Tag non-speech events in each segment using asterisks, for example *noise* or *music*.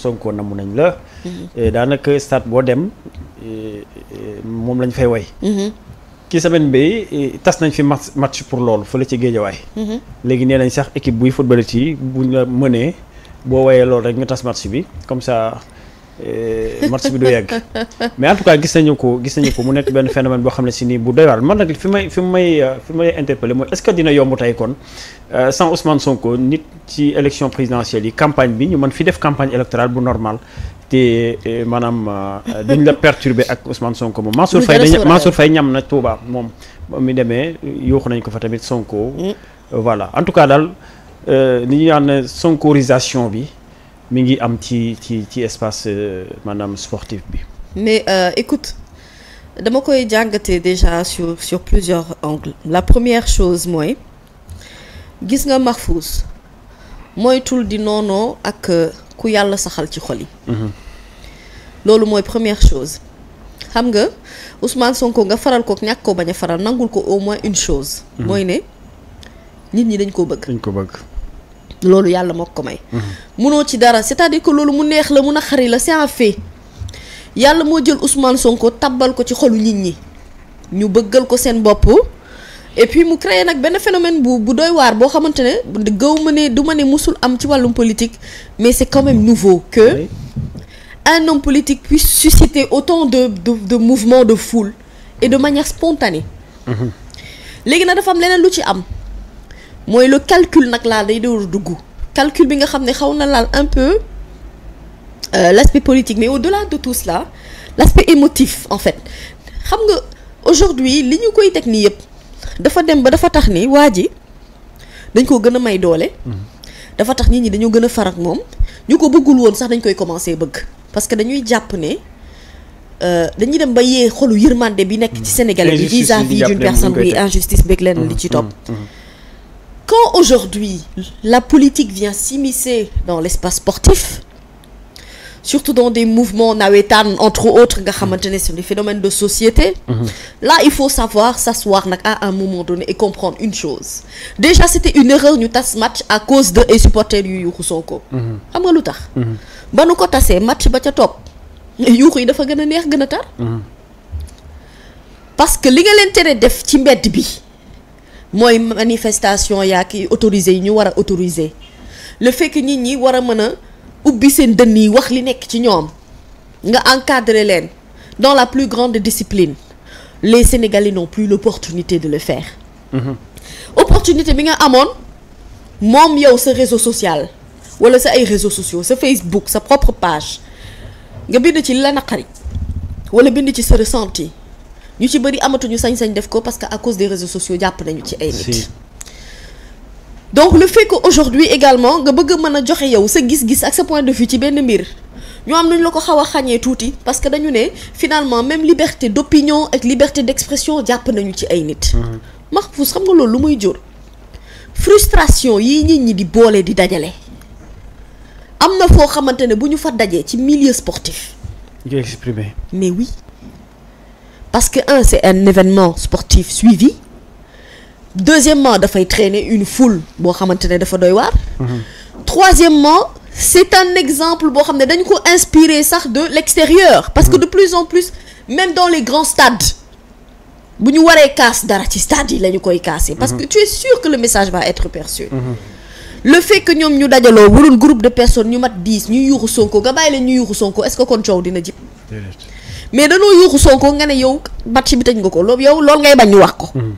Sonko namm nañ la. Mhm. Eh, daanaka stade boo dem eh, eh, moom lañ fay woy mhm. ki semaine bi tas nañ fi match match pour loolu fële ci géejawaay. Mhm. léegi nee nañ sax équipe buy football yi buñ la mënee boo wayee loolu rek ñu tas match bi comme ça. Eh, match bi du yegg mais en tout cas gis nañu ko gis nañu ko mu nekk benn phénomène boo xam ne si nii bu doy waar man nag fi may fi may fi may interpellé mooy est-ce dina yomb tey kon euh, sans Ousmane Sonko nit ci élection présidentielle yi campagne bi ñu man fi def campagne électorale bu normal te euh, maanaam euh, duñ la perturber ak Ousmane Sonko moom Mansour Faye Mansour Faye ñam na Touba moom mi demee yuuxu nañ ko fa tamit Sonko mm. voilà en tout cas daal li ñu naan Sonkorisation bi mi ngi am ci ci ci espace euh, maanaam sportif bi. mais euh, écoute dama koy jàngate déjà sur sur plusieurs angles la première chose mooy gis nga mooy moytul di noono ak euh, ku yàlla saxal ci xol yi. Mhm. loolu mooy première chose. xam nga Ousmane Sonko nga faral ko ñàkk ko bañ a faral nangul ko au moins une chose. Mhm. mooy ne nit ñi dañ ko bëgg. dañ ko bëgg. loolu yàlla moo ko may. munoo ci dara cest à loolu mu neex la mun a naqari la c'est un fait yàlla moo jël Ousmane Sonko tabbal ko ci xolu nit ñi ñu bëggal ko seen bopp. et puis mu créé nag benn phénomène bu bu doy waar boo xamante ne gëw ma ne du ma ne musul am ci wàllum politique mais c'est quand même nouveau que un homme politique puisse susciter autant de de de mouvements de foule et de manière spontanée. Mm-hmm. léegi nag dafa am leneen lu ci am. mooy le calcul nag laa day door dugg calcul bi nga xam ne xaw na laal un peu euh, l'aspect politique mais au-delà de tout cela l'aspect émotif en fait xam nga aujourd'hui li ñu koy teg nii yëpp dafa dem ba dafa tax nii waa ji dañ koo gën a may doole mm-hmm. dafa tax nit ñi dañoo gën a far moom ñu ko bëggul woon sax dañ koy commencer bëgg parce que dañuy jàpp ne euh, dañuy dem ba yee xolu yërmande bi nekk ci mm-hmm. Sénégalais bi vis-à-vis d'une personne bi injustice beeg lenn li quand aujourd'hui la politique vient s'immiscer dans l'espace sportif surtout dans des mouvements nawetaan entre autres nga xamante ne c'est des phénomènes de société mhm. là il faut savoir s'asseoir nag à un moment donné et comprendre une chose déjà c'était une erreur ñu tas match à cause de ay supporters yu yuuxu Sonko mhm. xam nga lu tax mhm. ba nu ko tassee match ba ca topp yuuxu yi dafa gën a neex gën a tar parce que li nga leen tere def ci mbedd bi mooy manifestation yaa ki autorisé yi ñu war a autorisé le fekk que nit ñi war a mën a ubbi seen dënn yi wax li nekk ci ñoom nga encadrer leen dans la plus grande discipline les Sénégalais n'ont plus l'opportunité de le faire mhm. opportunité bi nga amoon moom yow sa réseau social wala sa ay réseaux sociaux sa Facebook sa propre page nga bind ci la naqari wala bind ci sa ressenti ñu ci bëri amatuñu sañ-sañ def ko parce que à cause des réseaux sociaux jàpp nañu ci ay nit donc le fait que aujourd'hui également nga bëgg mën a joxe yow sa gis-gis ak sa point de vue ci benn mbir ñoo am nañu la ko xaw a xàññee tuuti parce que dañu ne finalement même liberté d'opinion ak liberté d'expression jàpp nañu ci ay nit mm-hmm. Mahfouz xam nga loolu lu muy jur frustration yi nit ñi di boole di dajale am na foo xamante ne bu ñu fa dajee ci milieu sportif. nga exprimer mais parce que un c'est un événement sportif suivi deuxièmement dafay traîner une foule boo xamante ne dafa doy waar mm-hmm. troisièmement c'est un exemple boo xam ne dañ ko inspiré sax de l'extérieur parce que de mm-hmm. plus en plus même dans les grands stades bu ñu waree kaas dara ci stade yi la ñu koy kaasee parce que mm-hmm. tu es sûr que le message va être perçu le fait que ñoom ñu dajaloo waroon groupe de personnes ñu mat dix ñu yuuxu Sonko nga bàyyi leen ñu yuuxu Sonko est-ce dina jib mais danoo yuuxu Sonko nga ne yow batch bi tëj nga ko loolu yow loolu ngay bañ wax ko. Mm.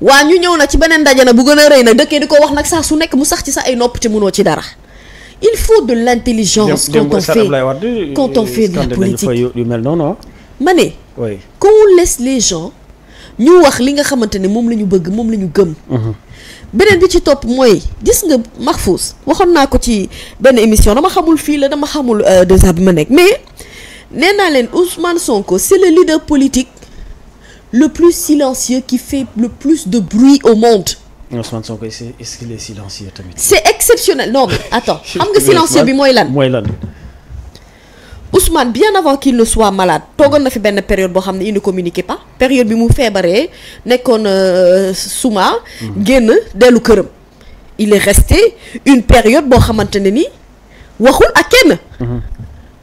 waa ñu ñëw na ci beneen ndaje na bu gën a rëy na dëkkee di ko wax nag saa su nekk mu sax ci ay nopp te mënoo ci dara. il faut de l'intelligence. quand on fait quand on fait de la politique mel noonu ah. ma ne. oui qu'on laisse les gens ñu wax li nga xamante ne moom la ñu bëgg moom la ñu gëm. Mm-hmm. beneen bi ci topp mooy gis nga Mahfouz waxoon naa ko ci benn émission dama xamul fii la dama xamul 2 euh, bi ma nekk mais. nee naa leen Ousmane Sonko c'est le leader politique le plus silencieux qui fait le plus de bruit au monde. Ousmane Sonko est tamit. c'est exceptionnel no mais attends *laughs* xam nga silencieux bi mooy lan mooy lan. Ousmane bien avant qu'il ne soit malade toogoon na fi benn période boo xam ne il ne communiquait pas période bi mu feebaree nekkoon euh, suma mhm. génn dellu këram il est resté une période boo xamante ne ni waxul ak kenn. Mhm.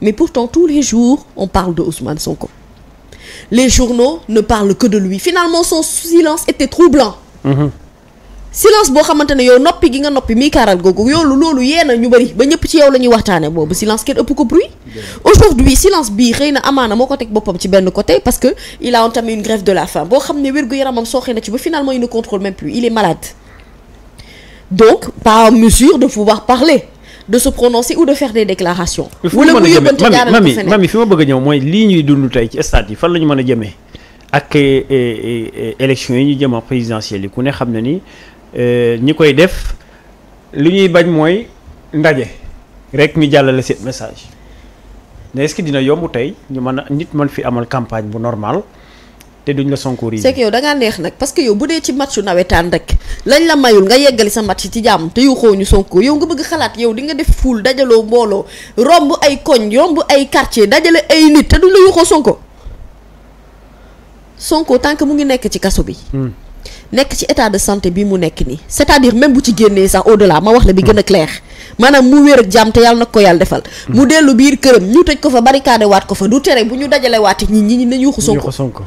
mais pourtant tous les jours on parle de Ousmane Sonko les journaux ne parlent que de lui finalement son silence était troublant mmh. silence boo xamante ne yow noppi gi nga noppi mii kaaral googu yoolu loolu yee na ñu bëri ba ñëpp ci yow la ñuy waxtaane boobu silence kenn ëpp ko bruit aujourd'hui silence bii xëy na amaana moo ko teg boppam ci benn côté parce que il a entamé une grève de la faim boo xam ne wér-gu-yaramam sooxee na ci ba finalement il ne contrôle même plus il est malade donc pas en mesure de de se prononcer ou de faire des déclarations. wala mu yóbbante jaaral ko feneen mami fi ma bëgg a ñëw mooy lii ñuy dund tey ci stade yi fan la mën a jëmee ak eh, eh, eh, élection yi ñu jëm présidentielle yi ku ne xam na ni ñi koy def li ñuy bañ mooy ndaje rek ñu jàllale seen message mais est dina yomb tey ñu mën a nit mën fi amal campagne bu normal te duñ la Sonko yi. c'est que yow da neex nag parce que yow bu dee ci matchu nawetaan rek lañ la mayul nga yeggali sa match ci jàmm te yu xooñu Sonko yow nga bëgg xalaat yow di nga def fuul dajaloo mbooloo romb ay koñ romb ay quartier dajale ay nit te duñ Sonko Sonko tant que mu ngi nekk ci kaso bi. Hmm. nekk ci état de santé bi mu nekk nii c'est-à-dire même bu ci génnee sax au-delà ma wax la bi hmm. gën a clair maanaam mu wér ak jàmm te yàlla na ko yàlla defal. Hmm. mu dellu biir këram ñu tëj ko fa barricade waat ko fa du tere bu ñu dajale waati nit ñi ñu ne yuuxu Sonko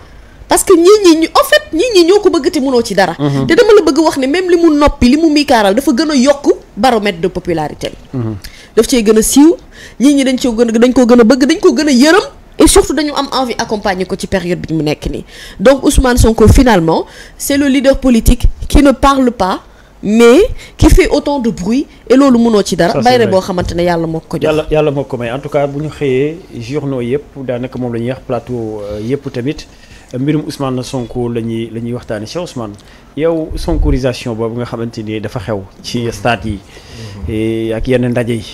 parce que ñii ñi en fait ñii ñi ñoo ko bëgg te mënoo ci dara. Mhm. te dama la bëgg wax ne même li mu noppi li mu miikaaral dafa gën a yokk baromètre de popularité bi. Mhm. daf cee gën a siiw ñii ñi dañ cee gën dañ koo gën a bëgg dañ ko gën a yërëm et surtout dañu am envie accompagner ko ci période bi mu nekk nii donc Ousmane Sonko finalement c'est le leader politique qui ne parle pas. mais qui fait autant de bruit et loolu mënoo ci dara. bayre boo xamante ne yàlla mook ko jox. yàlla yàlla moo ko may en tout bu ñu xëyee journaux yëpp daanaka moom la ñuy wax plateau euh, yëpp tamit. mbirum Ousmane Sonko la ñuy la ñuy waxtaanee Cheikh Ousmane yow sonkorisation boobu nga xamante ni dafa xew ci stade yi. Eh, ak yenn ndaje yi.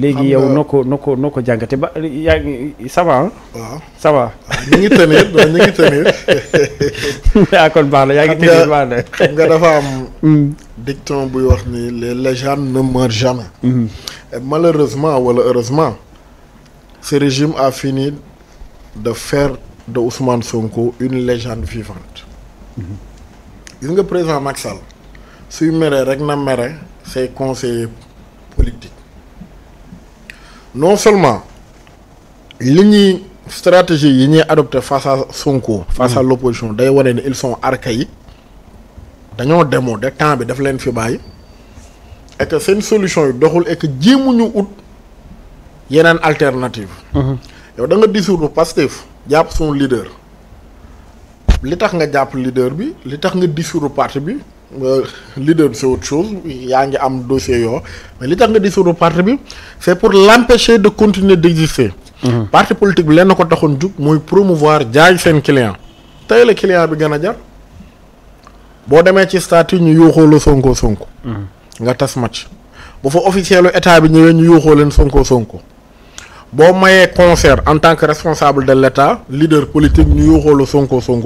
léegi yow noo ko noo ko noo jàngate ba yaa ngi ça va waaw ça va ah, ñu ngi tenir ñu ngi *laughs* ah, baax na yaa ngi tenir baax na xam nga dafa mm. buy wax ni les légendes ne meurent mm-hmm. malheureusement wala heureusement ce régime a fini de faire de Ousmane Sonko une légende vivante gis nga président Macky Sall suy meree rek na mere ses conseillers politiques non seulement li ñuy stratégie yi ñuy adopté face à Sonko face à mm. l'opposition day wane ni ils sont archaïques dañoo demoo de temps bi daf leen fi bàyyi et que seen solution yi doxul et que ñu ut yeneen alternative mm-hmm. yow da nga dissoudre Pastef jàpp son leader li tax nga jàpp leader bi li tax nga dissoudre parti bi leader c'est autre chose yaa ngi am dossier yoo mais li tax nga dissoudre parti bi c'est pour l'empêcher de continuer d'exister mmh. parti politique bi lenn ko taxoon jug mooy promouvoir jaay seen client tey la client bi gën a jar boo demee ci statut ñu yuuxoo la sonko sonk mhm. nga tas match bu fa officiel état bi ñëwee ñu yuuxoo leen sonko sonko boo mayee concert en tant que responsable de l' état leader politique ñu yuuxoo la Sonko Sonko